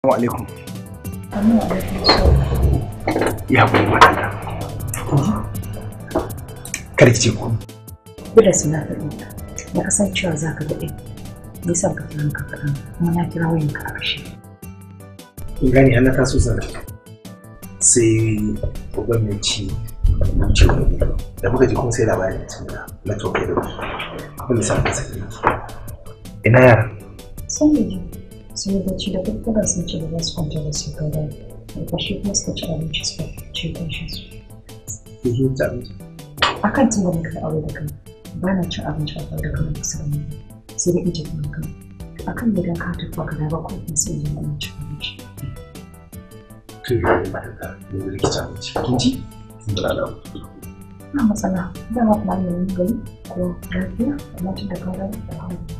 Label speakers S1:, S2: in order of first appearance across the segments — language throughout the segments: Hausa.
S1: Assalamu
S2: alaikum.
S1: Ya kuma matata. Kada ki ce ku.
S3: Bila suna farauta, na kasan cewa za ka daɗe. Me yasa ka kira ka kaɗan kuma na kira wayan ka a ƙarshe.
S1: Kin gane an Sai babban da muka ji sai labarin mutum na tokai da ku. Abin da sa ka Ina yara?
S3: Sun yi Силы дочери тут погасили в скончили святого. И пошли вместо человечества, чей кончился.
S1: Cikin abinci.
S3: A kan tun da muka aure da kan, ba na cin abinci a da kan da sai dai in tafi kan. A kan gidan ka tafi ba kana ba ko in sai in yi cin abinci.
S1: Kai ba da ka ne
S3: da matsala, gari ko lafiya, amma tun da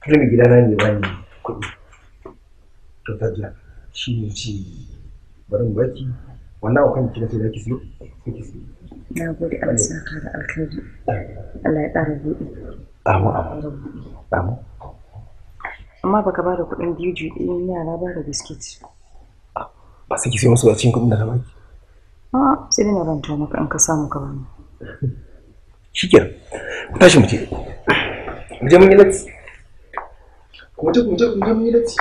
S1: kalmi gida gidana ne ba ni kuɗi to tajiya shi ne ci bari mu baki wannan akwai kina ce da ki siyo ki siyo
S3: na gode an saka da alkhairi Allah ya ƙara buɗe
S1: amu amu amu
S3: amma baka ba da kuɗin biyu ɗin yara ba da biskit
S1: ah, ba sai ki siyo musu a cikin kuɗin da na baki
S3: a sai dai na ranta maka in ka samu
S1: ka bani shikenan ku tashi mu je mu je mun yi
S4: lati ku je ku je ku je mu yi latti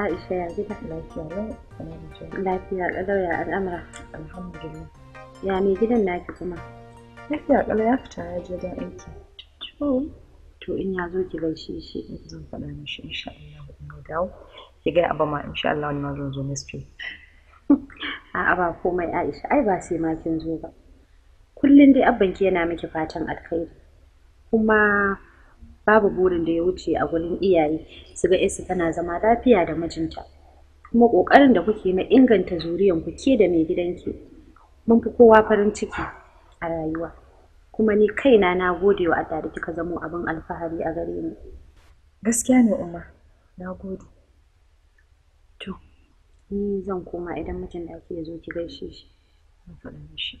S5: Aisha ya gida lafiya
S2: ne
S3: fita ya je don in ya zo ki gaishe faɗa mishi insha Allah
S5: ki gaya ma insha Allah wani ma zan zo next week a'a ba komai Aisha ai ba sai ma kin zo ba kullum dai Abban ki yana miki fatan alkhairi kuma babu burin da ya wuce a gurin iyaye su ga isa tana zama lafiya da mijinta kuma ƙoƙarin da kuke na inganta zuriyan ku ke da mai gidanki mun fi kowa farin ciki a rayuwa kuma ni kaina na gode wa Allah da kika zamo abin alfahari a gare ni
S3: gaskiya ne Umar na gode ni zan koma idan mijin da ake zo ki gaishe shi
S5: zan
S6: faɗa mishi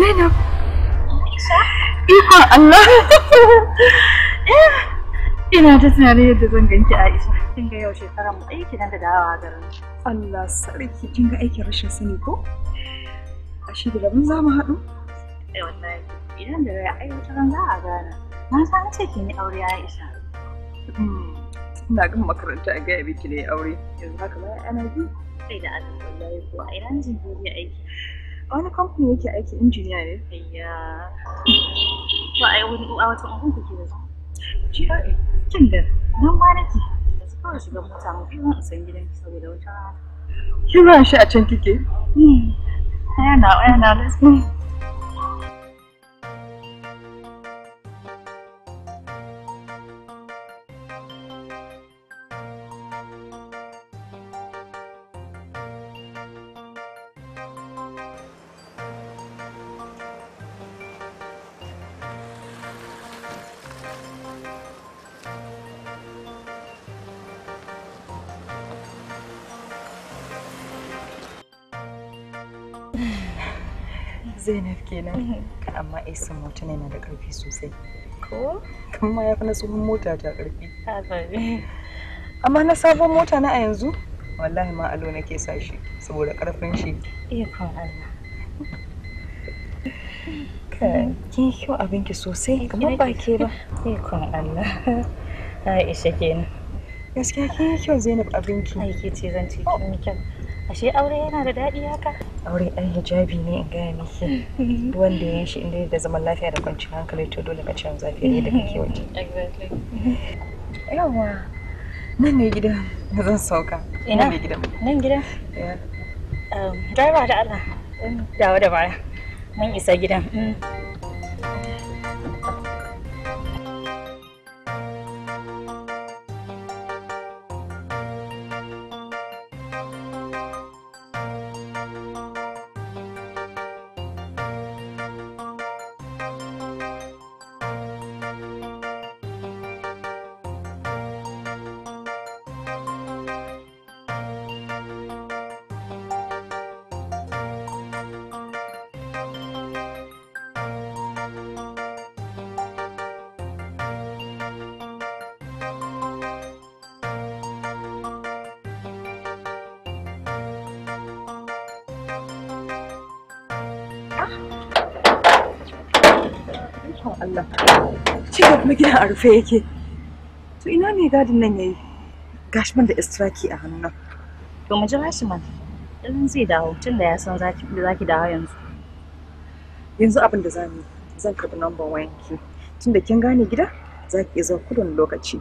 S3: Zainab. Ikon Allah. Ina ta tunanin yadda zan ganki Aisha.
S5: Kin ga yau shekaran mu aiki nan da dawowa garin. Allah
S3: sarki kin ga aikin rashin sani ko? Ashe da haɗu?
S5: Eh wallahi idan da rai ai wata ran za a gana. Na san ce kin yi aure Aisha. Hmm. Ina gan makaranta a aure. Yanzu haka
S3: ba ana Sai
S5: da Allah
S3: a wani kamfani yake aiki injiniya ne
S5: ayya to ai wani a wata ungun kuke da su GRA kin da nan ma nake yanzu kawai shiga mota mu biyu a san gidan saboda wata
S4: kin ran shi a can kike
S3: hmm. ayana ayana let's go tana yana da karfi sosai ko kuma ya fi na tsohon mota ta karfi amma na sabon mota na a yanzu wallahi ma alo nake sa shi saboda karfin shi ikon Allah mm, kin kyau abinki sosai kamar ba ke ba ikon Allah ha Aisha kenan gaskiya kin kyau Zainab abinki ai ke ce zan ce oh. kin kyau ashe aure yana da daɗi haka aure ɗan hijabi ne in gaya miki hmm. wanda ya shi inda da zaman lafiya da kwanciyar hankali to dole ka can zafi ne da kake waje yawa nan ne gidan da zan sauka ina ne gidan nan gidan
S5: um, driver da Allah dawo da baya mun isa gidan
S3: a rufe yake to ina ne gadin nan yayi gashi man da istraki a hannu to mu jira shi man
S5: dan zai dawo tun da ya san zaki da zaki dawo yanzu yanzu abin da
S3: zamu zan karɓi number ki tun da kin gane gida zaki ki zuwa kudin lokaci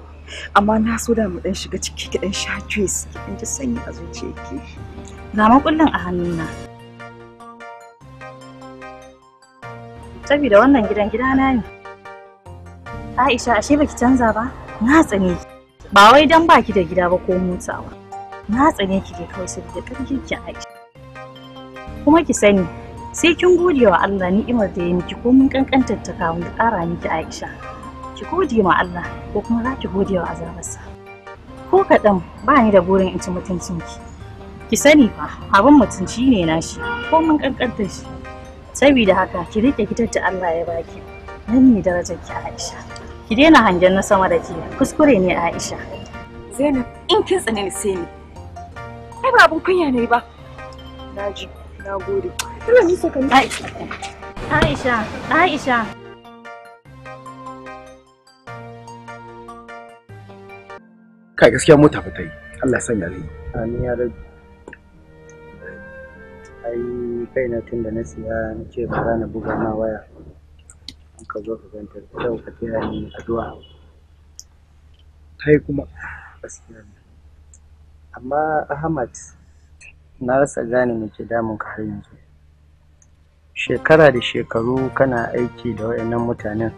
S3: amma na so da mu dan shiga ciki ki dan sha juice ki dan ji sanyi a zuciyarki ga makullin a hannuna
S5: saboda wannan gidan gidana ne Aisha ashe baki canza ba? Na tsane ki. Ba wai dan baki da gida ba ko motsawa. Na tsane ki dai kawai da kirkin ki Aisha. Kuma ki sani sai kin gode wa Allah ni'imar da ya miki ko mun kankantar ta kawo da ƙara miki Aisha. Ki gode ma Allah ko kuma za ki gode wa azabarsa. Ko kaɗan ba ni da burin in ci mutuncin Ki sani fa abin mutunci ne nashi ko mun kankantar shi. Saboda haka ki riƙe gidan da Allah ya baki. Nan ne darajar ki Aisha. Ki daina hangen na sama da ke kuskure ne Aisha. Zainab in kin tsane ni sai ni. Ai ba abun kunya ne ba.
S3: Naji, na gode.
S5: ni so ni Aisha. Aisha, Aisha.
S1: Kai gaskiya mota ba ta yi. Allah sanya rai. Amin ya rabu.
S2: Ai kai na tunda na siya nake fara na buga ma waya.
S4: ka zo ka ganta kyau ka taya ni addu'a kai kuma gaskiya amma ahmad
S2: na rasa gane me ke damun ka har yanzu shekara da shekaru kana aiki da waɗannan mutanen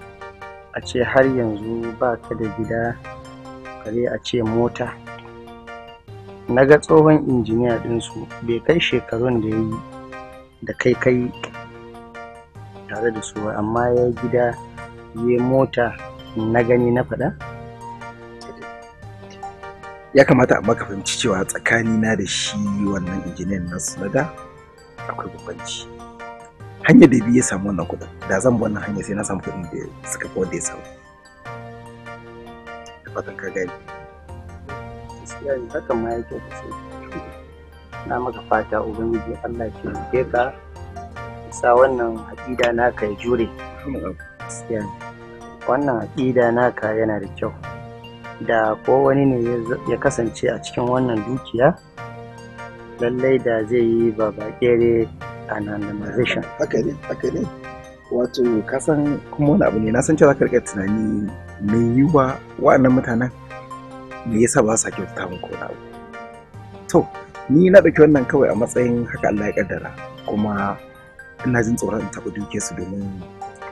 S2: a ce har yanzu ba ka da gida kare a ce mota na ga tsohon injiniya ɗinsu bai kai shekarun da ya yi da kai kai tare da su amma ya gida ya mota na gani na faɗa?
S1: ya kamata amma maka fahimci cewa tsakani na da shi wannan injiniyan na na da akwai bambanci hanyar da biyu ya samu wannan kuɗin da zan bi wannan hanyar sai na samu kuɗin da suka fi da ya samu da fatan ka gani
S2: gaskiya ne hakan ma da kyau na maka fata ubangiji Allah ya ce ka sa wannan aƙida naka ya jure wannan aƙida naka yana da kyau da ko wani ne ya kasance a cikin wannan dukiya lallai da zai yi ba bakere anonymization haka ne haka ne
S1: wato kasan kuma wani abu ne na san cewa karkar rika tunani mai wa wa'annan mutanen me yasa ba sa ta muku wani abu to ni na ɗauki wannan kawai a matsayin haka Allah ya kaddara kuma ina jin tsoron in taɓa duke su domin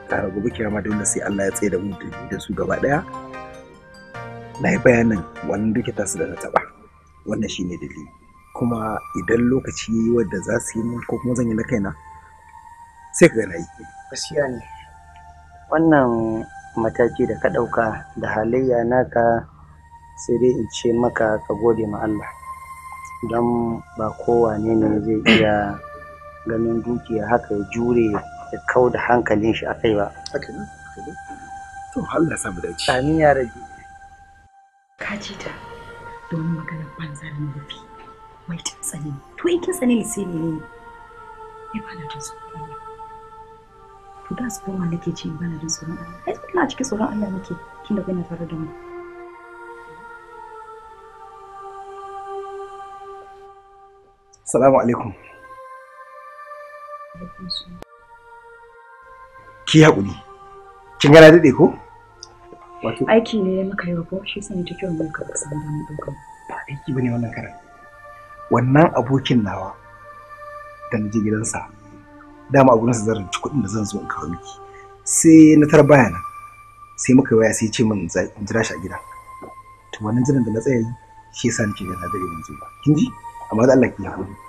S1: ƙara ah, gobe kiyama dole sai Allah ya tsaye da mu da su gaba ɗaya na yi bayanin wannan duke tasu da na taɓa wannan shine dalili kuma idan lokaci ya yi wadda za su yi mun ko kuma zan yi na kaina sai ka gana yi gaskiya ne
S2: wannan mataki da ka ɗauka da halayya naka sai dai in ce maka ka gode ma Allah don ba kowa ne ne zai iya ganin dukiya haka ya jure ya kau da hankalin shi
S1: akai ba haka ne to Allah ya samu dace amin ya rabi ka ji ta
S3: domin magana banzar ne rufi wai ta tsani to in kin tsani sai ne ne ba na jin tsoron Allah to da su kuma nake ce ba na jin tsoron Allah ai ina cikin tsoron Allah nake tunda kana tare da mu
S1: Salamu alaikum. Ki haƙuri. Kin gana daɗe ko?
S3: aiki ne maka yi ko shi sani ta
S1: kyau muka ba samu damar ɗaukar. Ba aiki ne wannan karan. Wannan abokin nawa da na je gidansa dama abokinsa zan rinci kuɗin da zan zo in kawo miki. Sai na tara baya nan. Sai muka waya sai ce min in jira shi a gida. To wannan jiran da na tsaya yi shi sa nake gana daɗe yanzu ba. Kin ji? Amma da Allah ki haƙuri.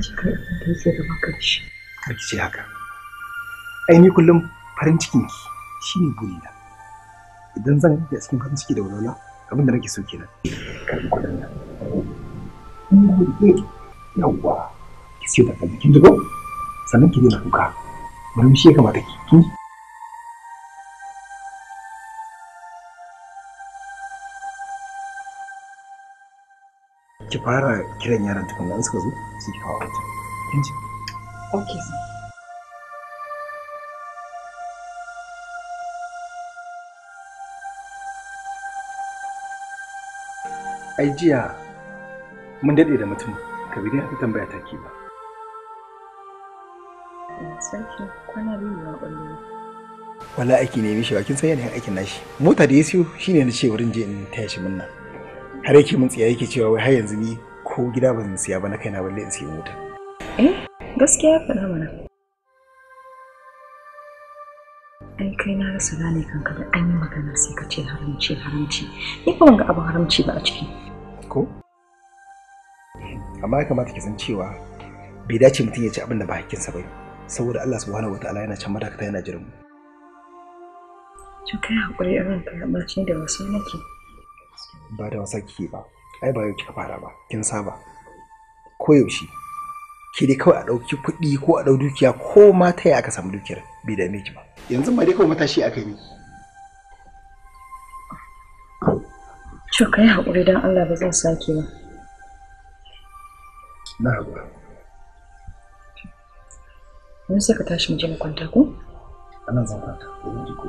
S3: ka je ka yi abin da yake gaban
S1: ka da shi kar ki ce haka ai ni kullum farin cikin ki shine burina idan zan yi cikin farin ciki da walwala abin da nake so kenan karbi kuɗin nan in gode yawwa ki ce da kalli kin dubo ba sannan ki daina kuka shi ya kamata ki ki fara kiran yaran tukun da suka zo su ki kawo
S3: abinci kin okay sir
S1: ai jiya mun daɗe da mutum ka bi dai tambaya ta ke ba
S3: sarki kwana biyu na ƙwallo
S1: wala aiki ne mishi bakin kin san yanayin aikin nashi mota da ya siyo shine na ce wurin je in taya shi munna har yake mun tsaya yake cewa wai har yanzu ni ko gida ban siya ba na kaina balle in siya mota
S3: eh gaskiya faɗa mana ai kai na rasa gane kanka da an yi magana sai ka ce haramci haramci ni ban ga abu haramci ba a ciki
S1: ko amma ya kamata ki san cewa bai dace mutum ya ci abin da ba hakkinsa ba saboda Allah subhanahu wataala yana can ta yana jiran mu to kai hakuri a ranka ba da wasu nake ba da wasa kike ba ai ba yau kika fara ba kin saba koyaushe ki dai kawai a ɗauki kuɗi ko a ɗauki dukiya ko ma ta yaya aka samu dukiyar bai dame ki ba yanzu ma dai kawai matashi aka yi
S3: to kai hakuri haƙuri don Allah ba zan sake ba. Na haƙura. Wani sai ka tashi mu je mu kwanta ko?
S4: Anan zan kwanta, ko mu ji ko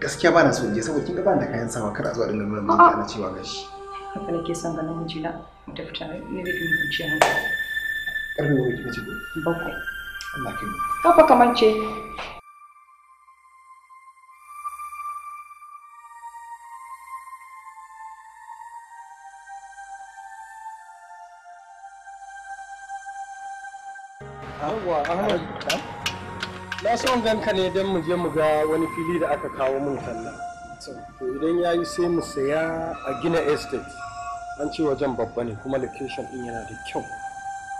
S1: gaskiya ba na so je saboda kin ga ba da kayan sawa kar a zo dinga mun mun ana cewa gashi haka nake son ganin mijina da fita ne da kin kwanciya hankali
S4: karfe ne kike ce bakwai Allah
S7: ka fa kamar ce
S4: Yawwa Ahmad na son ganka ne don mu je mu ga wani fili da aka kawo mun kalla to idan ya yi sai mu saya a gina estate an ce wajen babba ne kuma location din yana da kyau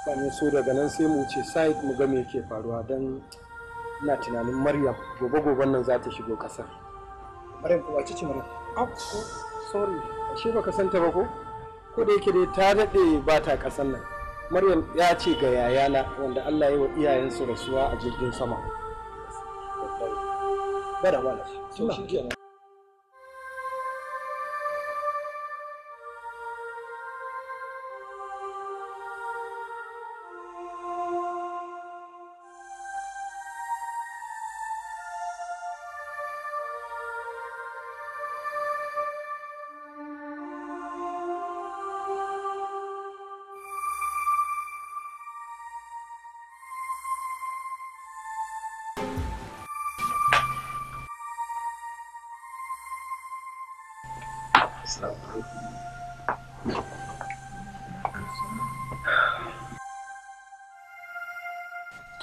S4: ba ne so daga nan sai mu wuce site mu ga me yake faruwa don ina tunanin maryam gobe gobe nan za ta shigo kasar maryam ko wace ce maryam oh sorry ashe baka santa ba ko ko da yake dai ta daɗe ba ta kasar nan maryam ya ce ga yayana wanda allah ya wa iyayensu rasuwa a jirgin sama 别点了，点，我
S6: 的。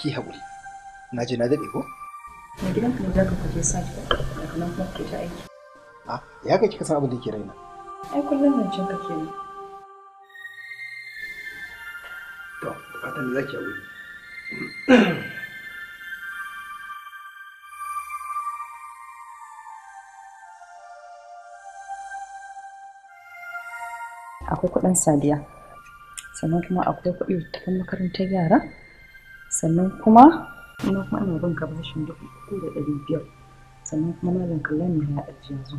S1: ki haƙuri na je na daɗe ko na gidan kuma za ka
S3: kuje sake daga nan kuma ke ta aiki
S1: a ya ka kika san abin da ke raina
S3: ai kullum nan ka kake ne
S1: to fatan za
S6: ki haƙuri
S3: akwai kuɗin sadiya sannan kuma akwai kuɗi ta makarantar yara sannan kuma ina kuma ana bin gabashin bashin uku da ɗari biyar sannan kuma malam kallon ne ya ɗaji yanzu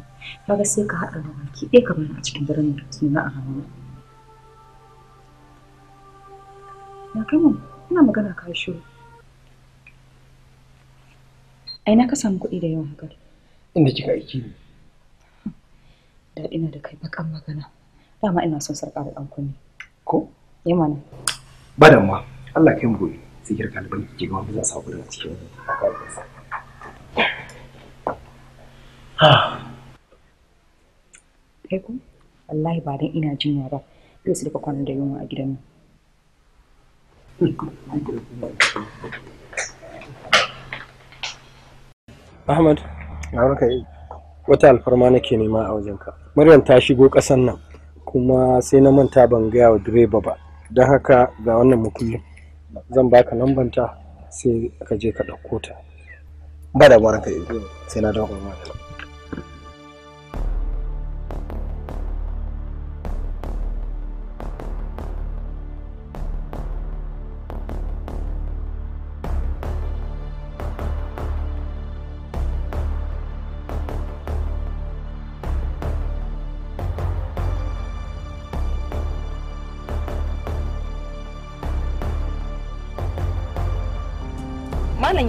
S3: kaga sai ka haɗa da baki ɗaya ka bani a cikin daren da ke na a hannu ya kai mu ina magana ka shiru ai na ka samu kuɗi da yawa haka
S1: inda kika aiki ne
S3: da ina da kai bakan magana dama ina son sarƙa da ɗan kunne ko yamma ne
S1: ba damuwa Allah kai mu gobe sigar ɗaliban da ke gama ba za su haƙuri a cikin
S3: kai ku wallahi ba dan ina jinya ba zai su duka kwanan da yunwa a gidan nan
S4: Ahmad, na ranka yi wata alfarma nake nema a wajenka. Maryam ta shigo ƙasan nan kuma sai na manta ban gaya wa direba ba. Don haka ga wannan mukullin. zan baka lambar ta sai ka je ka ɗauko ta ba da ranka sai na dawo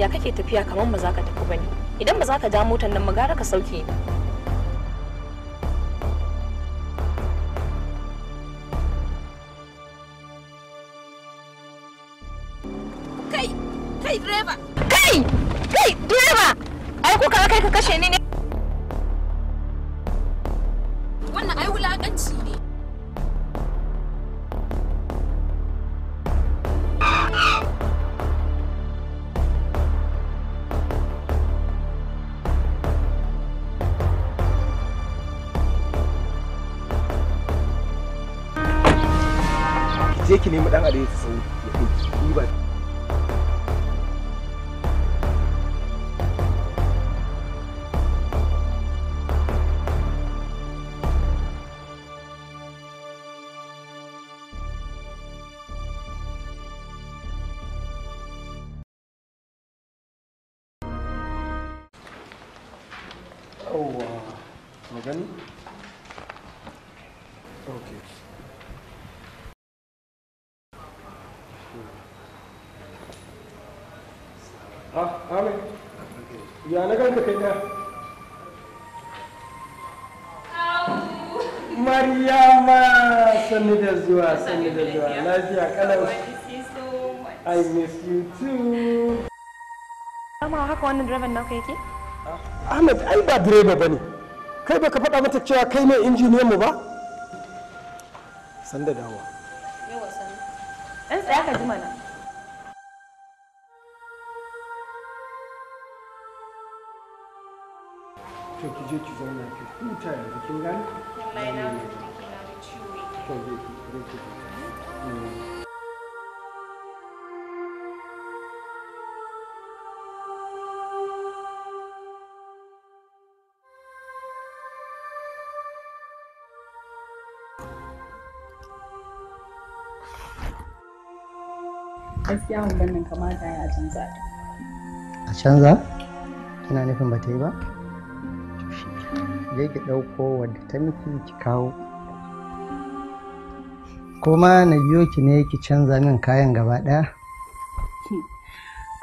S7: kake tafiya kamar ba za ka tafi ba ne idan ba za ka ja motar nan magara ka sauke ni
S1: ki nemi dan adai sau ya kai
S4: magani? ya na ganka kai na Maryama sani da zuwa sani da zuwa lafiya kalau I miss you too
S7: Amma haka wannan direban nauka yake?
S4: Ahmed ai ba direba bane kai baka faɗa mata cewa kai ne injiniyan mu ba?
S1: Sanda dawa.
S5: Yawa sanda. Dan tsaya ka ji mana.
S4: je ki zauna ki da
S5: gaskiya kamata ya canza
S2: a canza kina nufin ba ta yi ba je ki ɗauko wadda ta miki ki kawo kuma na biyo ki ne ki canza min kayan gaba ɗaya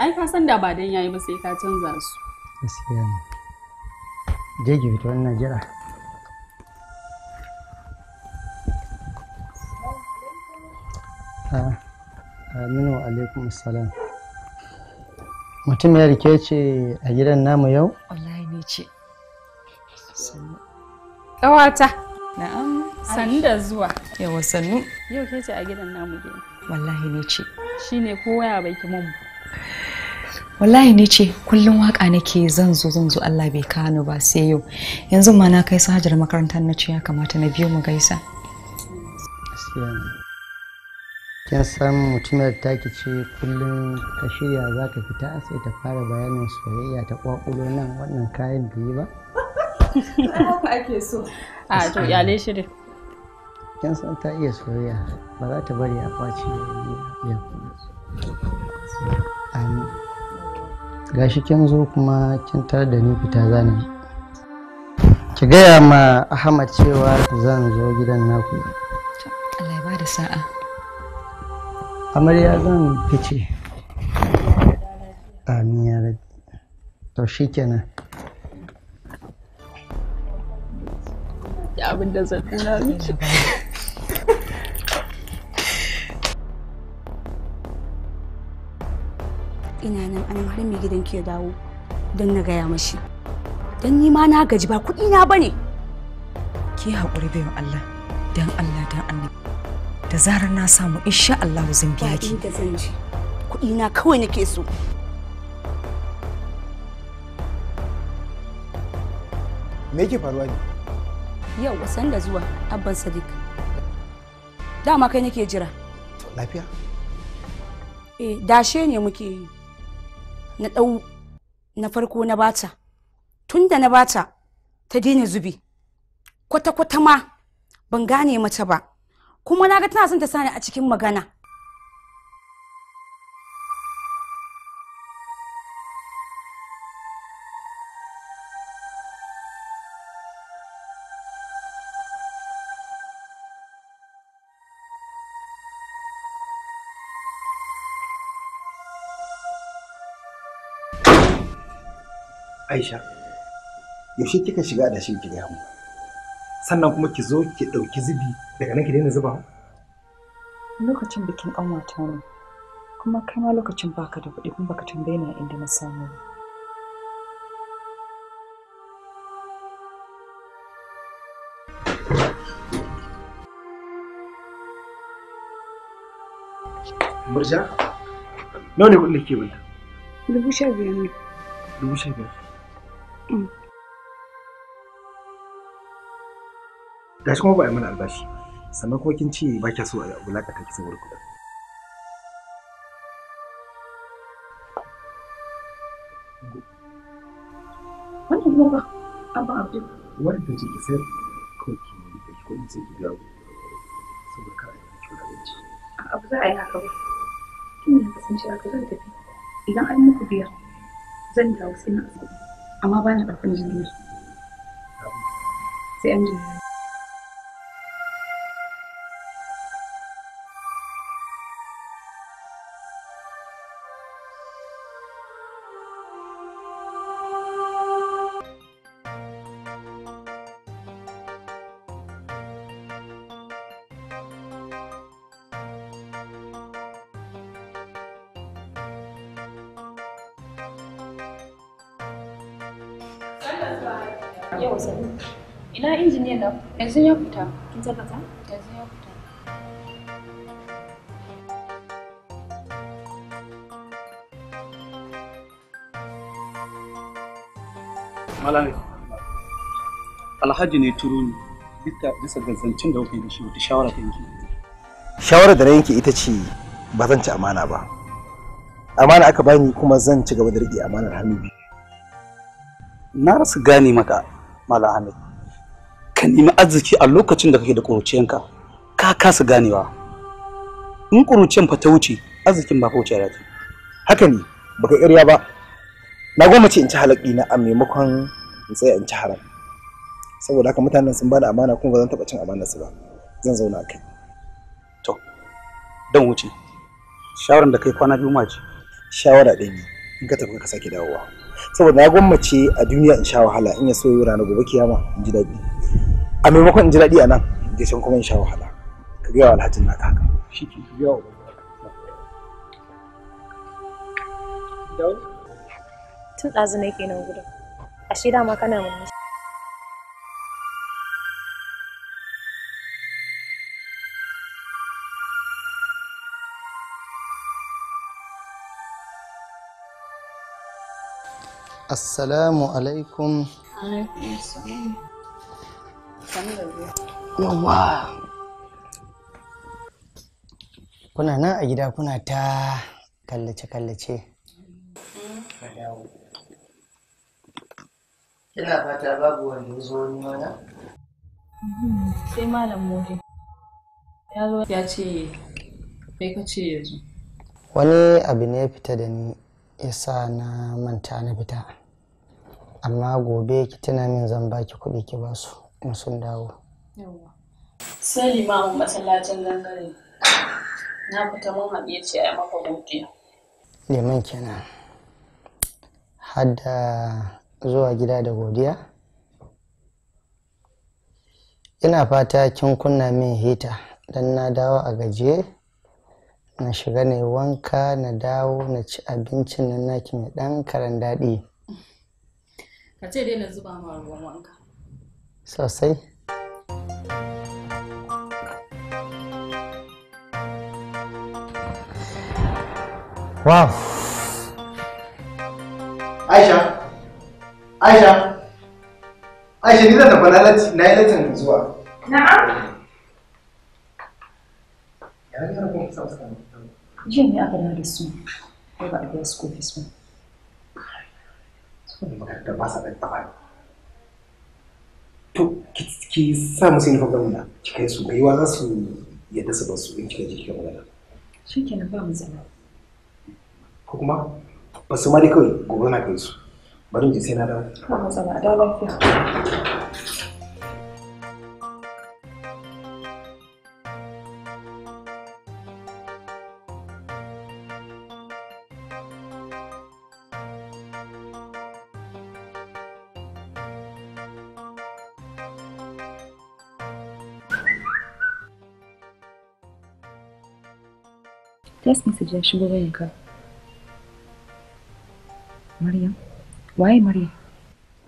S5: ai san da ba don yayi ba sai ka canza su
S2: gaskiya ne je ki fito wannan jira ah, aminu alaikum salam mutum ya rike ce a gidan namu yau wallahi ne ce
S5: Ƙawata.
S3: Na'am. Sannu da zuwa. Yawa sannu.
S5: Yau ce a gidan namu ne.
S3: Wallahi ne ce. Shi ne
S5: kowa baki mun.
S3: Wallahi ne ce kullum waka nake zan zo zan zo Allah bai kano ba sai yau. Yanzu ma na kai sajar makarantar na ce ya kamata na biyo mu gaisa.
S2: kin san ta taki ce kullum ka shirya za ka fita sai ta fara bayanin soyayya ta kwakulo nan wannan kayan da ba
S5: haka ake so a to iyalai shirin
S2: kin san ta iya soyayya ba za ta bari a kwace ya kuma gashi kin zo kuma kin tar da ni fita zani ki gaya ma ahmad cewa zan zo gidan naku
S3: Allah ya ba da sa'a
S2: amarya zan fice amin ya rabi to shikenan
S6: ki da zan nuna
S7: ina nan anan har mai gidanki ya dawo don na gaya mashi don ni ma na gaji ba kuɗi na bane
S3: ki haƙuri bayan Allah don Allah don Allah da zarar na samu insha Allah zan biya ki
S7: da zan ji kuɗi na kawai nake so
S1: me yake faruwa ne
S7: yau wasan da zuwa abban sadiq dama kai nake jira lafiya eh dashe ne muke na ɗau na farko na bata tun da na bata ta daina zubi kwata-kwata ma ban gane mace ba kuma na ga tana son ta sani a cikin magana
S1: Aisha, yaushe kika shiga da shi ki gaya Sannan kuma ki zo ki ɗauki zubi daga nan ki daina zuba?
S3: Lokacin bikin ƙanwata ne, kuma kai ma lokacin baka da kuɗi kuma baka tambaye ni inda na samu
S1: Murja? Nawa ne kuɗin da ke bin?
S3: Dubu sha biyar ne.
S1: Dubu sha biyar. Mm. gashi kuma ba a yi mana albashi sannan kuma kin ce ba kya so a wulakata ki saboda kuɗin
S6: wannan kuma ba abu abu
S1: ta ce ki sayar kawai ki yi da kuɗin sai ki biya saboda kar a
S3: yi kyau miki wulakanci abu za a yi haka ba kin yi kasance haka zan tafi idan an muku biya zan dawo sai na asibiti amma ba na ɗaukan jini sai an jini
S7: Yau sani.
S5: Ina injiniyan nan? Yanzu ya fita. Kin tabbata? Yanzu ya fita.
S6: Malami. Alhaji ne turo ni bisa ga zancen da kuka
S1: da shi wata shawara ta yanki. Shawara da na yanke ita ce ba zan ci amana ba. Amana aka bani kuma zan ci gaba da riƙe amanar hannu biyu. Na rasa gane maka Mala Ahmed. Ka nemi arziki a lokacin da kake da ƙuruciyanka, ka kasa ganewa. In ƙuruciyan fa ta wuce, arzikin ba ka wuce da Haka ne, baka ƙarya ba. Na goma ce in ci halak na a maimakon in tsaya in ci haram. Saboda haka mutanen sun bani amana kuma ba zan taɓa cin su ba. Zan zauna a kai. To, dan wuce. Shawaran da kai kwana biyu ma ce. Shawara ɗaya ne, in ka tafi ka sake dawowa. saboda na gwammace a duniya in sha wahala in ya so yi rana gobe kiyama in ji daɗi a maimakon in ji daɗi a nan da can kuma in
S4: sha wahala ka biya wa alhajin naka haka shi ke gaya wa
S7: tun ɗazu ne kenan gudu shi dama kana murmushi
S2: assalamu alaikum kuna nan a gida kuna ta kallace-kallace kina fata babu wanda ya zo ni mana?
S5: sai malam mode ya zo ya ce kai ka ce
S2: wani abu ne ya fita da ni yasa na manta na fita amma gobe ki tuna min zan baki kuɗi ki ba su in sun dawo
S3: sai
S5: limamin masallacin gangare na fita mun haɗe ce a maka godiya
S2: liman kenan hadda zuwa gida da godiya ina fata kin kunna min hita dan na dawo a gajiye na shiga na wanka na dawo na ci abincin nan naki mai ɗan karan daɗi
S5: ka ce dai na zuba ma ruwan wanka
S2: sosai
S1: wow aisha aisha aisha ni zan tafi na yi latin zuwa na'am やりながらこの草を使うの。
S3: jiya ne aka da su
S1: ko ba su ba sa ɗan ƙafa to ki sa musu uniform ɗin wanda za su yadda su ba su in
S3: magana kenan
S1: ko kuma ba su ma dai kawai gobe na kai su bari mu je sai na dawo ba
S3: a dawo lafiya text message ya shigo wayanka Maryam waye Maryam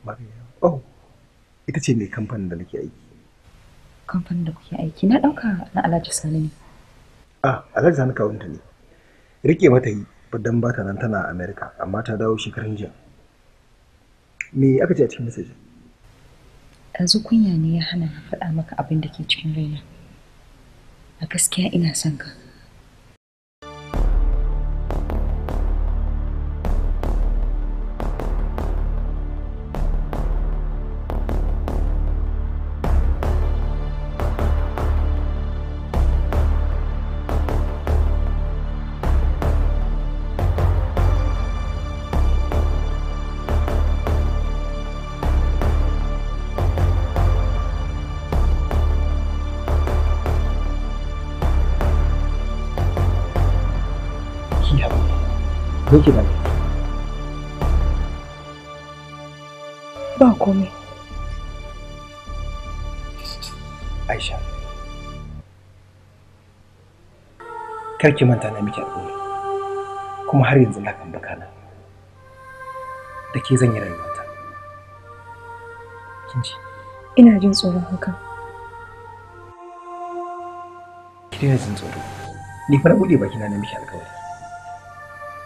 S1: Maryam oh ita ce mai kamfanin da nake aiki
S3: kamfanin da kuke aiki na
S1: ɗauka na Alhaji Sani ne ah Alhaji Sani kawunta ne rike mata yi dan ba ta nan tana America amma ta dawo shekarun jiya me aka ce a cikin message
S3: yanzu kunya ne ya hana na faɗa maka abin da ke cikin raina a gaskiya ina son ka
S1: karki manta na miki alƙawari kuma har yanzu na kan bakana da ke zan yi rayuwata kin ji
S3: ina jin tsoron hakan
S1: ki daina jin tsoro ni fa na buɗe bakina na miki alƙawari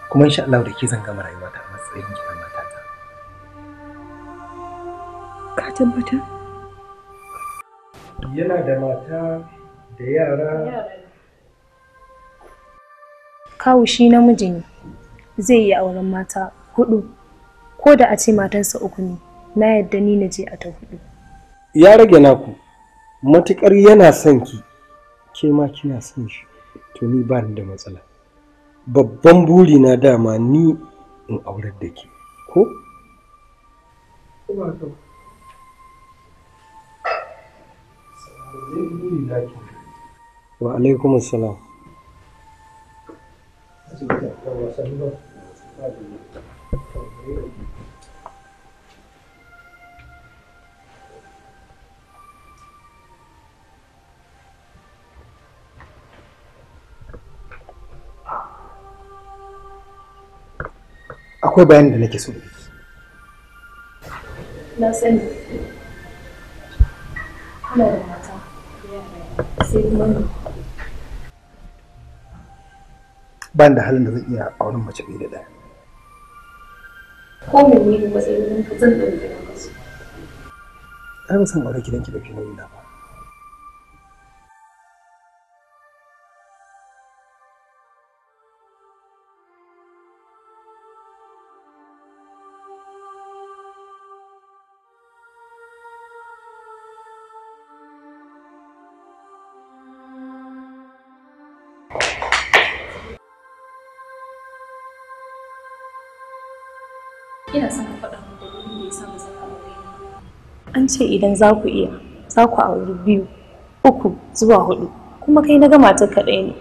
S1: kuma insha Allah da ke zan gama rayuwata a matsayin ki na matata
S4: ka tabbata yana da mata da yara
S7: kawu shi namiji ne zai yi auren mata hudu ko da a ce matansa uku ne na yadda ni na je a ta hudu
S4: ya rage naku matukar yana son ki ke ma kina son shi to ni ba ni da matsala babban buri na dama ni in aurar da ke ko wa alaikum salam Así que, bueno,
S1: akwai bayanin da nake so
S7: na sani ana da mata
S1: sai kuma ban da halin da zan iya auren mace ɗaya da ɗaya.
S7: Ko menene matsayin ka zan ɗauke da masu?
S1: Ai ba san aure gidanki da ke nauyi na ba.
S7: an ce idan za ku iya za ku auri biyu uku zuwa hudu kuma kai na ga matar kaɗai ne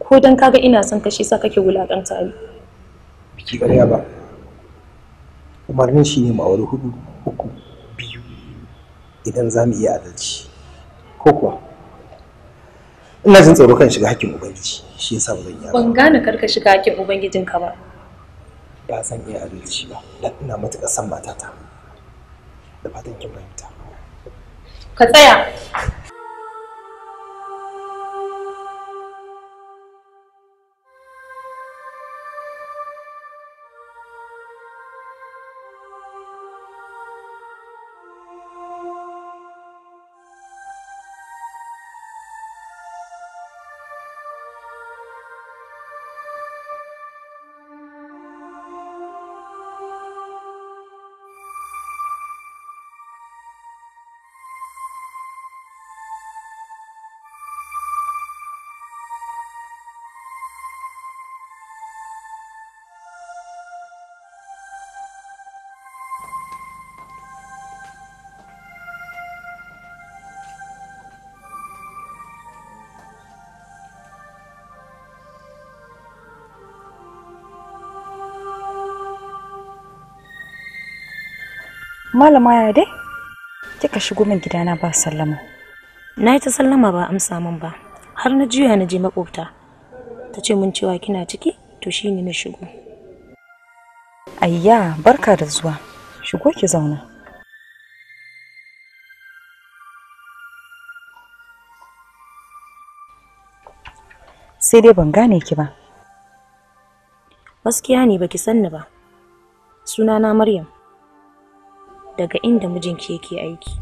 S7: ko don kaga ina son kashe sa kake wulaƙanta ni
S1: biki ƙarya ba umarnin shi ne ma'auri hudu uku biyu idan za mu iya adalci ko kuwa ina jin tsoro kan shiga hakkin ubangiji shi yasa ba zan yi ban
S7: gane karka shiga hakkin ubangijinka ba
S1: ba zan iya adalci ba dan ina matuƙar son matata
S6: da fatan kin fahimta
S3: ka tsaya
S7: malama ya dai kika shigo min gidana ba sallama na yi ta sallama ba amsa min ba har na juya na je makwabta ta ce mun cewa kina ciki to shine na shigo
S3: ayya barka da zuwa shigo ki zauna sai dai ban gane ki ba
S7: gaskiya ne baki sanni ba sunana maryam daga inda mijinki yake aiki.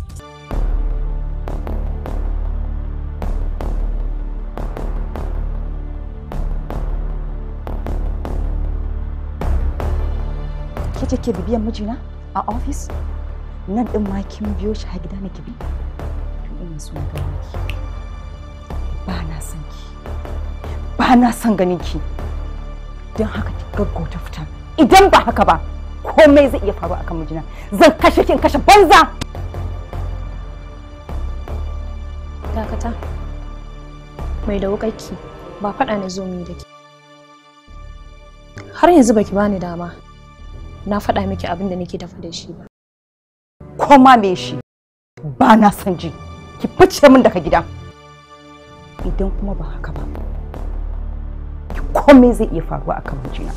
S3: Ke biyan mijina a ofis? Nan ɗin ma kin biyo shi a gida na ki bi? ina so na ganin ki. Ba na son ki. Ba na son ganin ki. Don haka ki gaggauta fita. Idan ba haka ba, komai zai iya faru akan mijina zan kashe kin kashe
S7: banza dakata mai da wukaki ba faɗa na zo mu da ke har yanzu baki bani dama na faɗa miki abin da nake tafi da shi ba koma me shi ba na son ji ki fice min daga gida
S3: idan kuma ba haka ba komai zai iya faruwa akan mijina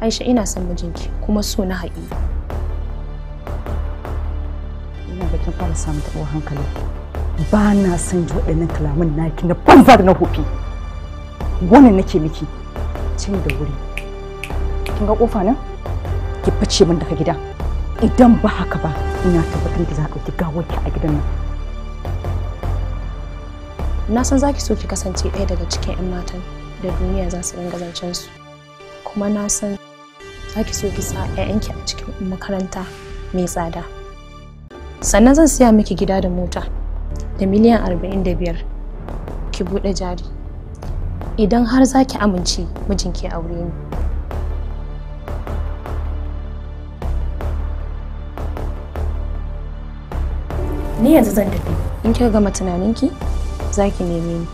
S7: Aisha ina son mijinki kuma so na haƙi.
S3: Ina da kin fara samun tabo hankali. Ba na son ji waɗannan kalaman naki na banza da na hofi. Wannan nake miki cin da wuri. Kin ga kofa nan? Ki fice min daga gida. Idan ba haka ba ina tabbatar da za ka gawar ki a gidan nan.
S7: Na san za so ki kasance ɗaya daga cikin 'yan matan da duniya za su ringa zancen su. kuma na san za so ki sa 'ya'yanki a cikin makaranta mai tsada sannan zan siya miki gida da mota da miliyan 45 ki bude jari idan har za ki amince mijinki aure ni ni yanzu zan tafi in kika gama tunaninki za ki neme ni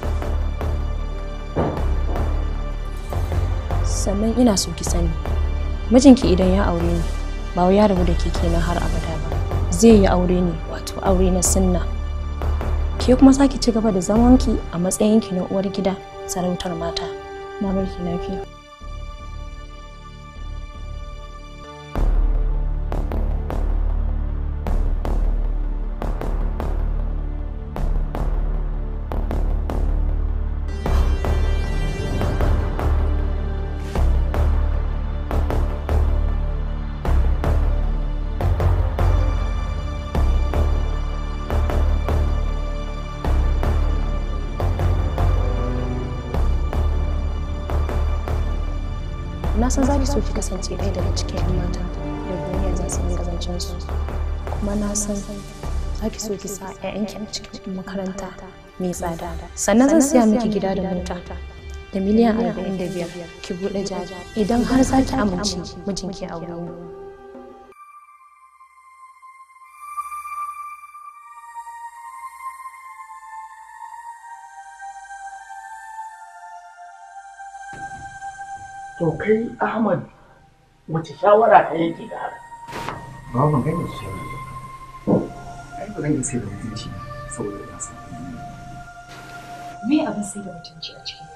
S7: sannan ina so ki sani mijinki idan ya aure ni ba ya rabu da ke kenan har abada ba zai yi aure ni wato aure na sunna ke kuma sake ci gaba da zamanki a matsayinki na uwar gida sarautar mata na barki lafiya san za ki so ki kasance ɗaya daga cikin 'yan mata da duniya za su yi zancen su kuma na san za ki so ki sa 'ya'yanki a cikin makaranta mai tsada sannan zan siya miki gida da mota da miliyan arba'in da biyar ki buɗe jaja idan har za ki amince mijinki a wurin
S6: To kai Ahmad wace shawara ka yanke da haka?
S1: Ba ban gani shawara. Ai ba zan iya sai da mutunci saboda na san
S3: Me abin sai da mutunci a ciki?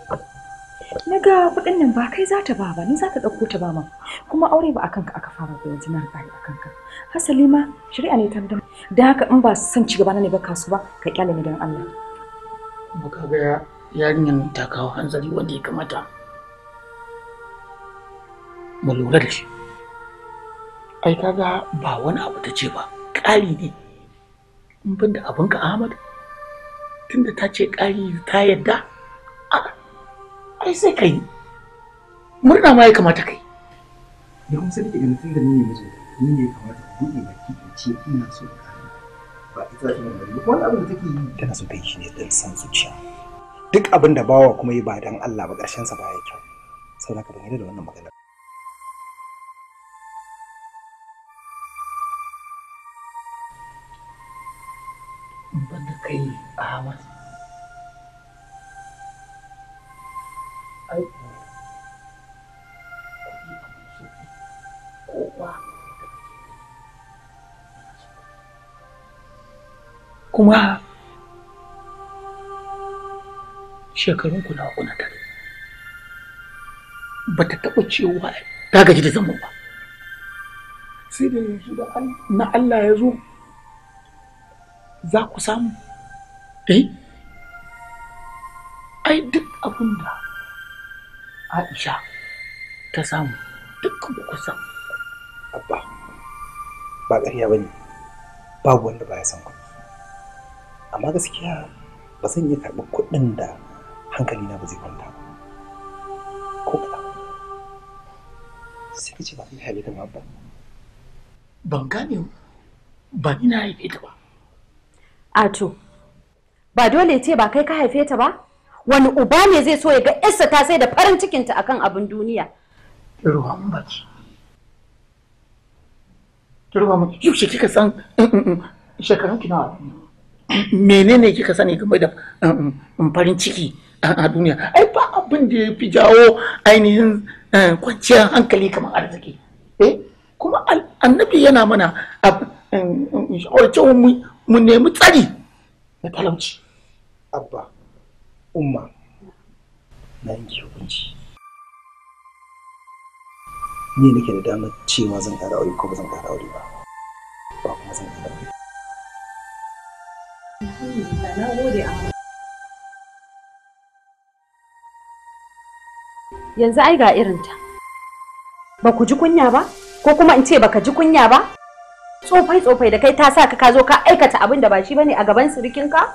S3: Na ga kuɗin nan ba kai za ta ba ba ni za ta ɗauko ta ba ma kuma aure ba akan ka aka fara ba yanzu na riga akan ka hasali ma shari'a ne ta da haka in ba son ci gaba na ne ba kasu ba ka kyale ni don Allah.
S6: Ba ka ga yarinyan ta kawo hanzari wanda ya kamata. mu lura da shi ai kaga ba wani abu ta ce ba ƙari ne in bin da ka ahmad tunda ta ce ƙari ta yadda ai sai ka yi murna ma ya kamata kai
S1: da kuma sai da tun da ni ne mijin ni ne kamata ku buɗe baki ku ce ina so ka ba ita ta nan bari wani abin da take yi tana so ta yi shi ne dan san zuciya duk abin da bawa kuma yi ba dan Allah ba karshen sa ya kyau saboda ka ban da wannan magana
S6: kai Ahmad. Aiko, kuɗi a masu kowa Kuma shekarun kuna tare. Ba ta taɓa cewa ta gaji da zama ba. Sai da yanzu da na Allah ya zo za ku samu. Eh? Ai duk abin da Aisha ta samu duk kusa. Abba,
S1: ba ƙarya ba ne, babu wanda ba ya san ku. Amma gaskiya ba zan iya karɓi kuɗin da hankalina ba zai kwanta ba. Ko kaɗan. Sai ka ce ba zai haife ta ba.
S6: Ban gane ba ni na haife ta ba. Ato. ba dole
S5: ce ba kai ka haife ta ba wani uba ne zai so ya ga yarsa ta sai da farin cikinta akan abin
S6: duniya ruwan baki ruwan baki yau kika san mm, mm, mm, shekarun ki menene kika sani game da farin ciki a duniya ai ba abin da ya fi jawo ainihin eh, kwanciyar hankali kamar arziki eh kuma annabi yana mana a shawarce mu nemi tsari da talauci abba umma
S4: na yanke hukunci
S1: ni nake da damar cewa zan ƙara aure ko ba zan ƙara aure ba ba kuma zan ƙara
S7: aure yanzu ai
S5: ga irinta. Ba ku ji kunya ba? Ko kuma in ce baka ji kunya ba? Tsofai tsofai da kai ta sa ka zo ka aikata abin da ba shi bane a gaban ka?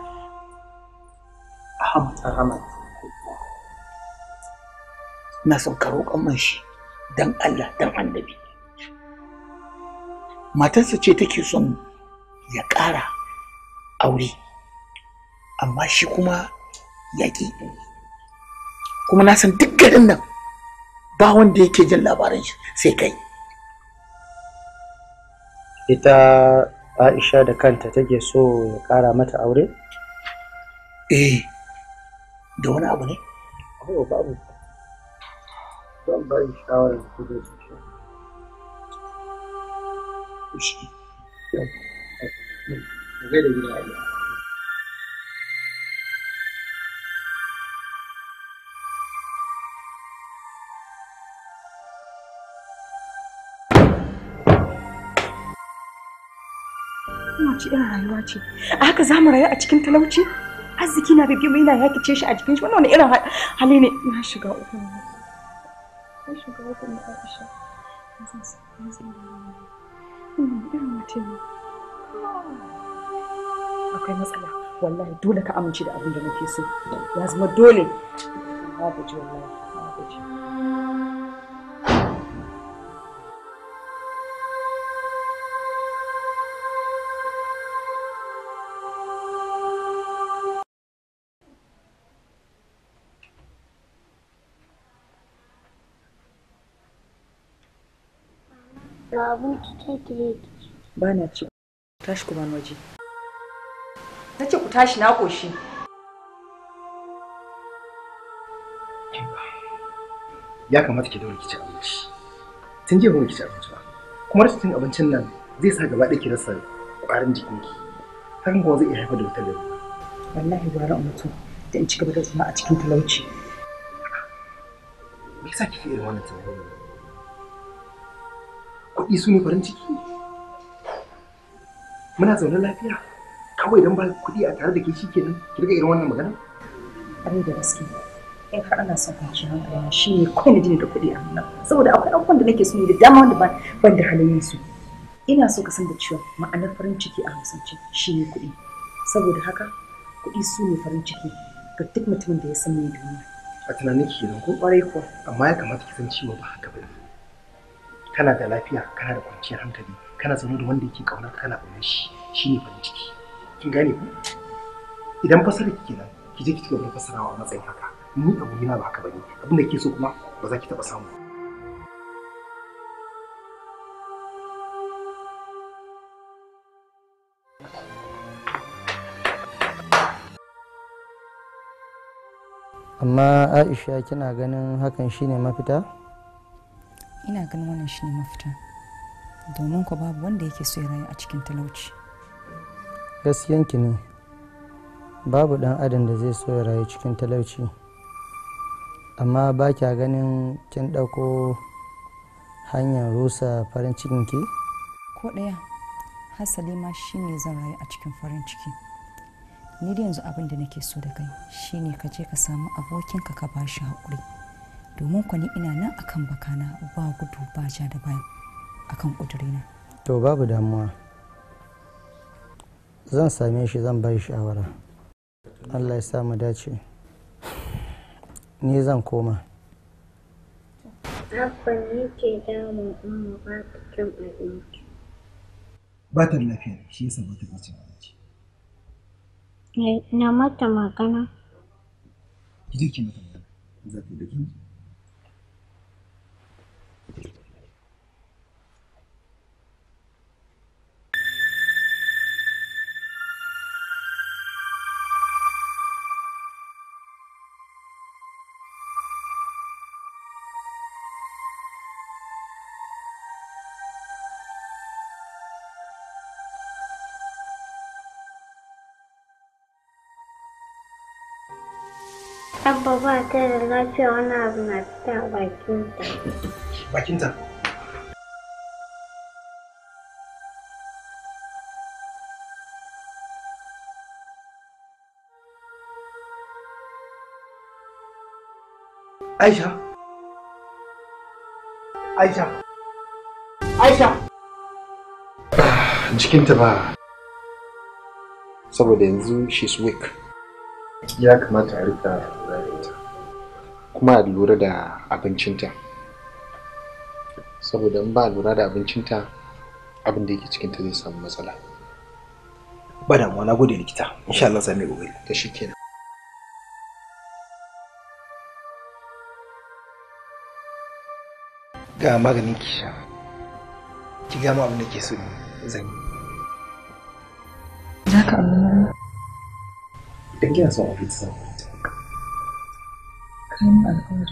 S6: Ahmad Ahmad na son ka roƙon man shi dan Allah dan annabi matarsa ce take son ya ƙara aure amma shi kuma yaƙi kuma na san duk garin nan ba wanda yake jin labarin shi sai kai
S2: ita Aisha da kanta take so ya ƙara mata aure? Eh. da wani abu ne?
S4: Abu babu. Zan rayuwa
S3: ce? A haka za mu rayu a cikin talauci? arziki na mai na ya kice shi a jikin shi wannan wani irin hali ne na shiga uku na shiga uku na aisha akwai matsala wallahi dole ka amince da abin da nake so ya zama dole na gaji
S4: wallahi na gaji
S3: abinci ta yake. Ba na ci. Tashi kuma waje. Na ce ku tashi na ƙoshi.
S1: Ya kamata ki dawo ki ci abinci. Tun jiya ba ki ci abinci ba. Kuma rashin abincin nan zai sa gaba ɗaya ki rasa ƙwarin jikinki. Hakan kuma zai iya haifar da wata lalura. Wallahi gwara mutum, da in ci gaba da zama a cikin talauci. Me yasa kike irin wannan tunanin? kuɗi su ne farin ciki muna zaune lafiya kawai don ba kuɗi a tare da ke shikenan ki riga irin wannan magana ƙwarai da gaske in eh, har ana son
S3: kwanci hankali shi ne kawai na da kuɗi a hannun saboda akwai abubuwan da nake so ne da dama wanda ban da halayen su ina so ka san da cewa ma'anar farin ciki a hausance shi ne kuɗi
S1: saboda haka kuɗi su ne farin ciki ga duk mutumin da ya san me duniya a tunanin ke nan ko ƙwarai ko amma ya kamata ki san cewa ba haka ba ne kana da lafiya kana da kwanciyar hankali kana zaune da wanda yake kauna kana kaunar shi ne farin ciki kin gane ku idan fasara kike nan ki je ki cigaba da fasarawa a matsayin haka ni abu na ba haka bane abin da kike so kuma ba za ki taba samu ba
S2: amma aisha kina ganin hakan shine mafita
S3: ina ganin wannan shi ne mafita domin ku babu wanda yake so ya rayu a cikin talauci
S2: gaskiyanki ne babu dan adam da zai so ya rayu cikin talauci amma ba kya ganin kin ɗauko hanyar rusa farin cikinki
S7: ko
S3: ɗaya hasali ma shi ne zan rayu a cikin farin ciki ni da yanzu abin da nake so da kai shine ka je ka samu abokinka ka bashi haƙuri domin kwani ina nan akan bakana ba gudu ba ja da baya akan
S6: kudurina.
S2: to babu damuwa zan same shi zan bai shawara allah ya samu dace ni zan
S1: koma
S5: Abban yake damun amma ba ta kyan
S6: abinci.
S1: Ba ta lafiya shi yasa ba ta cin abinci.
S4: Na mata magana.
S1: Ki mata magana. Zafi
S4: da da
S7: Abba ba ta da lafiya
S4: na bakinta.
S1: Bakinta? Aisha! Aisha! Aisha!
S4: Ah, jikinta ba, saboda
S1: yanzu she's weak. ya kamata a rika lura ta kuma a lura da abincinta saboda in ba lura da abincinta abin da yake cikinta zai samu matsala ba damuwa na gode likita insha Allah sami gobe da shi kenan ga maganin ki sha ki gama abin da ke so zan yi
S4: za ka amma duk yana son ofis sa. Kayan alƙawari.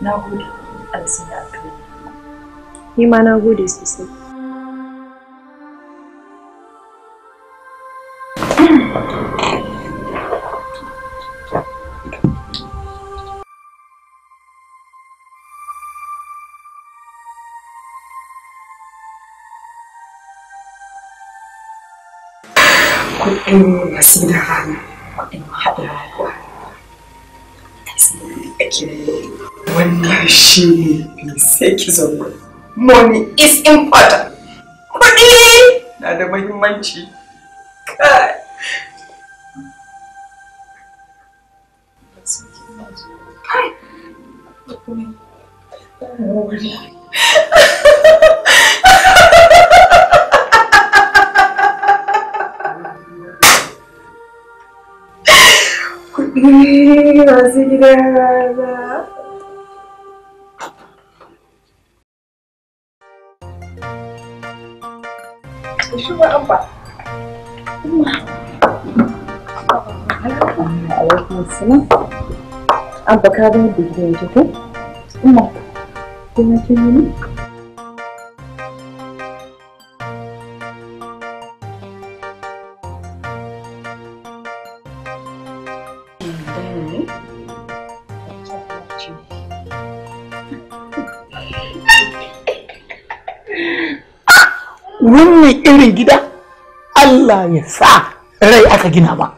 S7: na gode alisun da aka ni ma na gode sosai
S3: kuɗin masu da rana kuɗin haɗa rayuwa ake
S4: Wannan shi ne sai ki zauna. Money is important. Kuɗi na da mahimmanci. Kai. Kuɗi masu gidan rana.
S3: asma abba ka ga yadda gidan yake ko umma kuma kin yi
S6: wannan irin gida Allah ya sa rai aka gina ba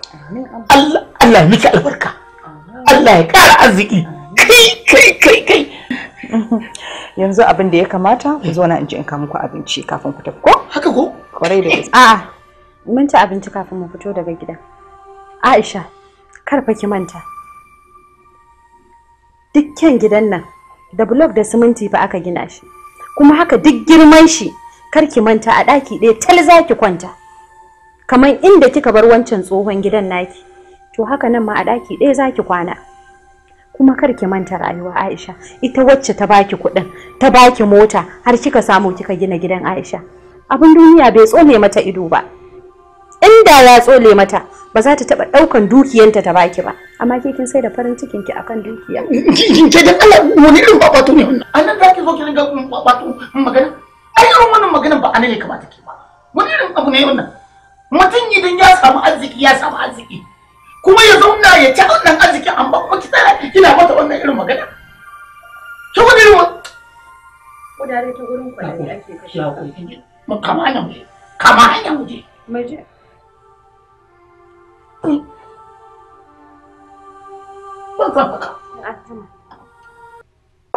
S6: Allah ya miki albarka Allah ya kara arziki kai kai kai kai
S3: yanzu abin da ya kamata ku zo na in ji in ka muku abinci kafin ku tafi ko haka ko kwarai da gaske
S5: a'a mun ci abinci kafin mu fito daga gida Aisha kar fa ki manta dukkan gidan nan da blok da siminti fa aka gina shi kuma haka duk girman shi kar ki manta a daki ɗaya tal za ki kwanta kamar inda kika bar wancan tsohon gidan naki to haka nan ma a ɗaki ɗaya zaki kwana kuma kar ki manta rayuwa Aisha ita wacce ta baki kuɗin ta baki mota har kika samu kika gina gidan Aisha abin duniya bai tsole mata ido ba inda ya tsole mata ba za ta taba daukan dukiyanta ta baki ba
S7: amma ke kin sai da farin cikin ki akan dukiya
S5: kin ce da Allah
S6: wani irin babato ne wannan annan da ki zo ki ringa babato magana ai irin wannan magana ba anan ne kamata ki ba wani irin abu ne wannan mutum idan ya samu arziki ya samu arziki kuma ya zauna ya ci wannan arzikin amma kuma ki tsaya kina mata wannan irin magana ki wani irin
S3: kudare ta gurin ku
S6: ne ake kashi ya ku kashe
S3: mu kama nan waje kama hanyar waje maje ban san baka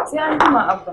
S2: sai an tuma abba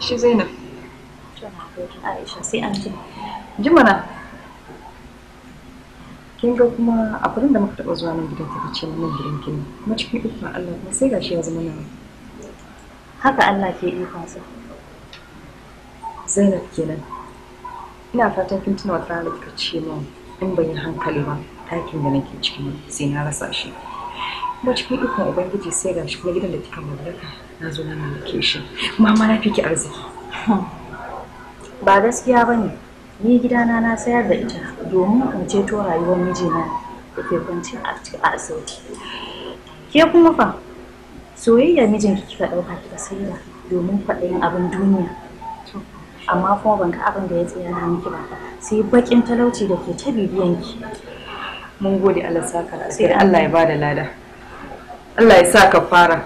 S3: shi zainab aisha sai an ji jimana kin ga kuma a kudin da muka taɓa zuwa nan gidan ta ce nan gidan kin kuma cikin ikon Allah kuma sai gashi ya zama nan haka Allah ke ikon sa Zainab kenan ina fatan kin tuna wata rana kika ce min in ban yi hankali ba takin da nake ciki sai na rasa shi kuma cikin ikon ubangiji sai ga shi kuma gidan da kika mallaka na zo na mallake shi kuma amma na fiki arziki ba
S5: gaskiya ba ne ni gidana na sayar da ita domin in ceto rayuwar mijina da ke kwanci a asibiti ke kuma fa soyayyar mijinki kika ɗauka kika sayar domin kwaɗayin abin duniya amma kuma ban ga abin da ya tsaya na miki ba sai bakin talauci da ke ta bibiyanki mun
S3: gode Allah saka sai Allah ya bada lada Allah ya sa ka fara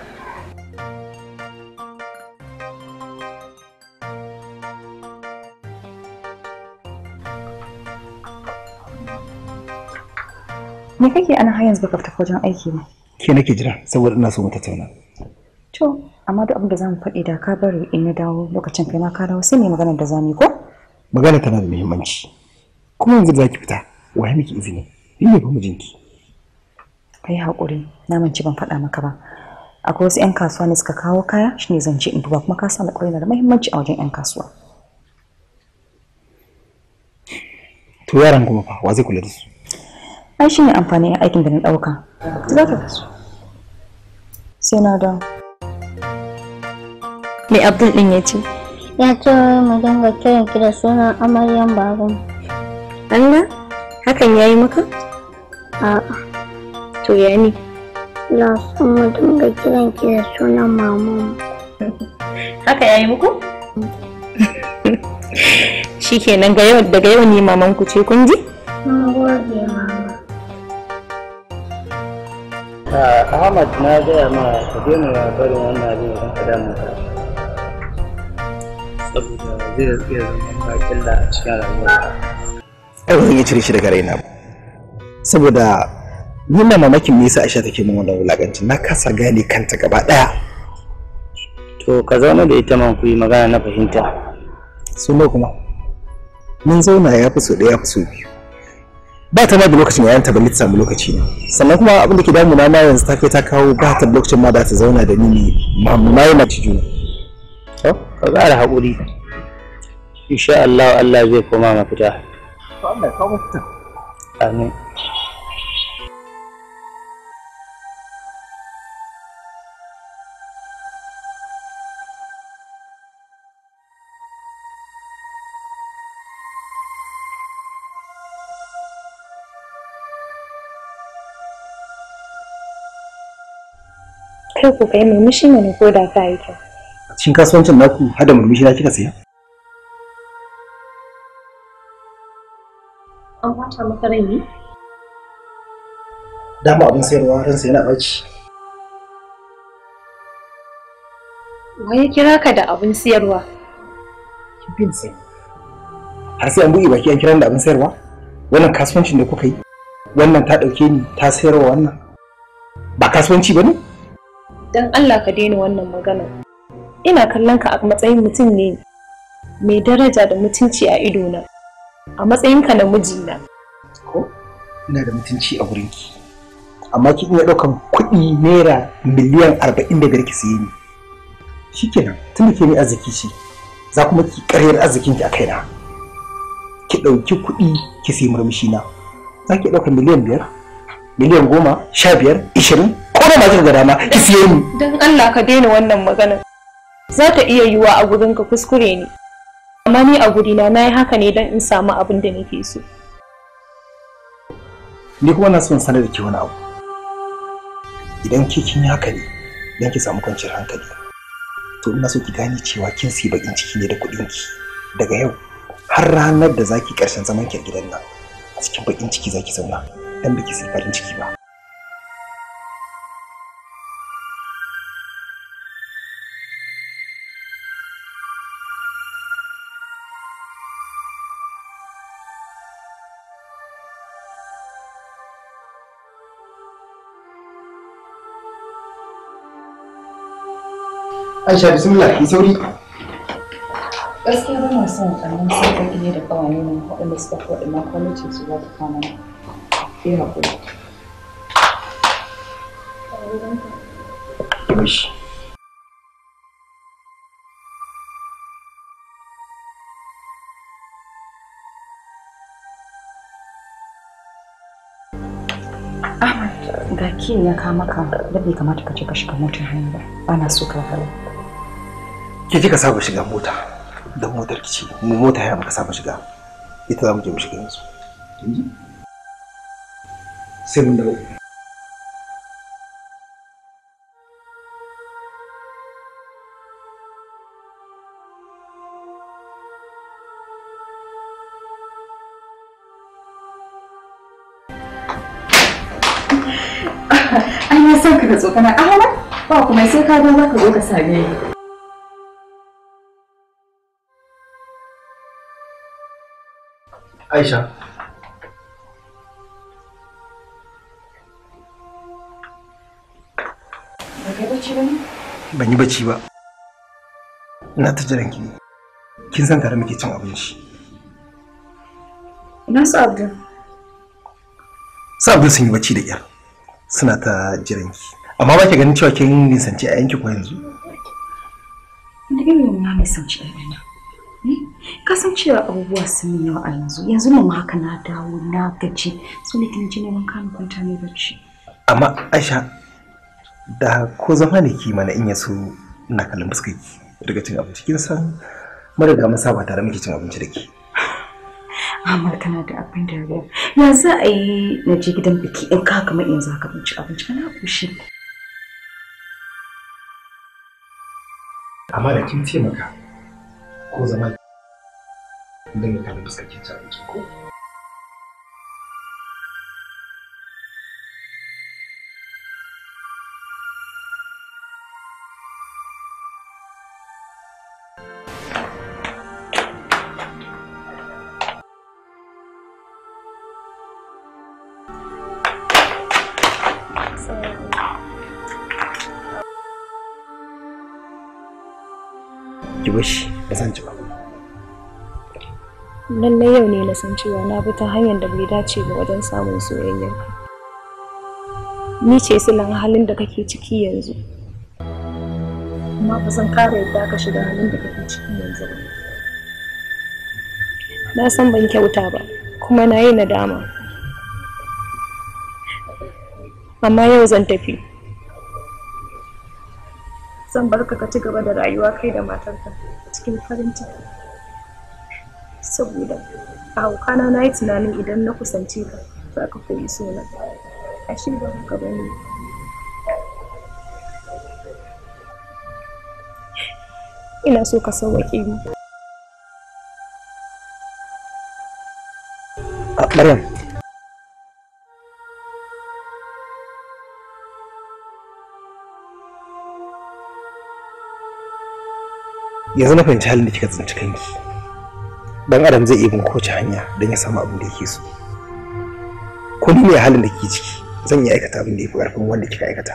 S3: Me kake ana har yanzu baka fita wajen aiki ba?
S1: Ke nake jira saboda ina so mata tattauna.
S3: To, amma duk abin da zamu faɗi da ka bari in ya dawo lokacin kai ma ka dawo sai mu magana da zamu ko?
S1: Magana tana da muhimmanci. Kuma yanzu da zaki fita, waye miki izini? Ni ne mijinki.
S3: ka yi haƙuri na mance ban faɗa maka ba akwai wasu 'yan kasuwa ne suka kawo kaya shine zan je in duba kuma ka sa alƙawari na da muhimmanci a wajen 'yan kasuwa
S1: to yaran kuma fa wa zai kula da
S3: su ai amfani a aikin da na ɗauka za ka kasu sai na dawo
S7: me abdul din ya ce
S2: ya ce mu dinga kiran ki da sunan amaryan baban
S7: Allah hakan yayi maka
S5: to ya ne na so mu dinga kiran ki da sunan maman haka yayi muku
S7: shikenan ga yau daga yau ne maman ce kun ji
S5: mun gode mama
S2: Ahmad na gaya ma ka daina barin wannan abin da ka damu ka saboda zai iya zama bakin da a cikin rayuwa.
S1: Ai ba zan iya cire shi daga raina ba. Saboda ni ma mamakin me yasa Aisha take min wannan wulakancin na kasa gane kanta gaba daya
S2: to ka zauna da ita man ku yi magana na fahimta
S1: su ne kuma mun zauna ya fi so ɗaya fi so biyu ba ta ma da lokacin yayin ta balle ta samu lokaci ne sannan kuma abin da ke damuna na yanzu ta kai ta kawo ba ta lokacin ma da ta zauna da ni ne ma yana ci juna to ka ƙara haƙuri insha
S2: Allah Allah zai koma mafita
S4: to Allah mafita amin
S7: kai ku kai murmushi ne ko da ka yi kyau
S1: Cin cikin kasuwancin naku hada murmushi na kika siya
S5: an bata maka rai ne
S1: dama abin sayarwa ransa yana ɓaci
S3: wai kira ka da abin sayarwa
S1: bin sai har sai an buɗe baki an kiran da abin sayarwa wannan kasuwancin da kuka yi wannan ta ɗauke ni ta sayarwa wannan ba kasuwanci ba ne
S7: don Allah ka daina wannan magana ina kallon ka a matsayin mutum ne mai daraja da mutunci a idona a matsayinka na mijina ko
S1: ina da mutunci a wurinki amma ki iya ɗaukan kuɗi naira miliyan arba'in da biyar ki siye ni shikenan tun da ke ni arziki ce za kuma ki arzikin arzikinki a kaina ki ɗauki kuɗi ki siye murmushi na za ki ɗauka miliyan biyar miliyan goma sha biyar ishirin ko da masu da dama ki siye ni
S7: dan Allah ka daina wannan magana za ta iya yiwa a gurin ka kuskure ne amma ni a guri na nayi haka ne dan in samu abin da nake so
S4: ni kuma na son
S1: sanar da ki wani abu idan ki kin yi haka ne dan ki samu kwanciyar hankali to ina so ki gane cewa kin siyi bakin ciki ne da kuɗin ki daga yau har ranar da zaki karshen zaman ki a gidan nan a cikin bakin ciki zaki zauna dan biki sai farin ciki ba Aisha bismillah ki sauri.
S3: Gaskiya ba na son ƙannan sauƙaƙi ne da ƙawaye na da suka faɗi ma kwalitin su ta na. Ki haƙuri. Yoshi. Ahmad, ga ki ya kama ka, da bai kamata ka ce ka shiga motar hanya ba. na so ka
S1: wahala. ki ji ka saba shiga mota don motar ki ce mu mota ya maka saba shiga ita za mu je mu shiga yanzu sai mun dawo
S3: Ai, na son ka da tsokana, Ahmad, ba kuma sai ka zo za ka zo ka
S2: same ni. Aisha.
S1: Ban yi bacci ba. Ina ta jiran ki. Kin san tare muke cin abinci.
S3: Ina su Abdul.
S1: Su Abdul sun yi bacci da ƙyar. Suna ta jiran ki. Amma ba ki ganin cewa kin nisanci a yanki ko yanzu?
S3: Da irin na nisanci a yanzu. kasancewa abubuwa sun yi yawa a yanzu yanzu nan haka na dawo na gaji so ne kin ji neman kanu kwanta ne bacci
S1: amma aisha da ko zama ne ki mana in ya so ina kallon fuskar ki daga cin abinci kin san mun riga mun saba tare muke cin abinci da ki
S3: amma kana da abin da ya ya za a yi na je gidan biki in ka in za ka binci abinci kana kushi
S1: amma da kin taimaka ko zama 분명히 다른 것을 기지 않고 이것이 배산주방
S7: lallai yau ne na san cewa na bi ta hanyar da bai dace ba wajen samun soyayyarka ni ce silan halin da kake ciki yanzu amma ba zan kare yadda ka shiga halin da kake ciki yanzu ba na san ban kyauta ba kuma na yi nadama amma yau zan tafi zan barka ka ci gaba da rayuwa kai da matarka cikin farin ciki saboda a haukana na yi tunanin idan na kusance ka za ka koyi suna ashe ba haka ba ne ina so ka sauwaƙe ni.
S6: a ah,
S1: yanzu na fahimci halin da kika tsinci kanki dan adam zai iya bin kowace hanya don ya samu abin da yake so ko ni ne halin da ke ciki zan iya aikata abin da ya fi ƙarfin wanda kika aikata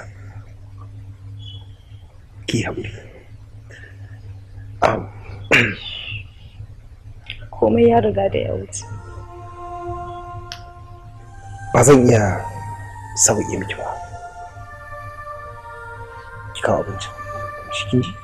S1: ki haƙuri komai
S3: ya riga da ya wuce
S1: ba zan iya sauƙi miki ba ki kawo abinci
S6: shi